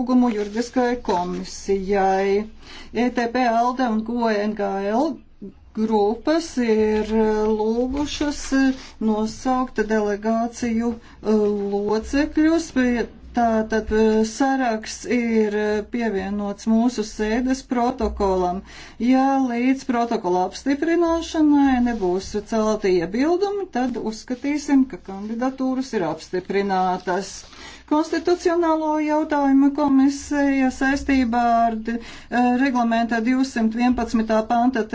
lūgumu juridiskajai komisijai. ETP, ALDE un GONGL e grupas ir lūgušas nosaukt delegāciju e, locekļus. Tātad e, saraksts ir pievienots mūsu sēdes protokolam. Ja līdz protokola apstiprināšanai nebūs celti iebildumi, tad uzskatīsim, ka kandidatūras ir apstiprinātas. Konstitucionālo jautājumu komisija saistībā ar eh, reglamenta 211. panta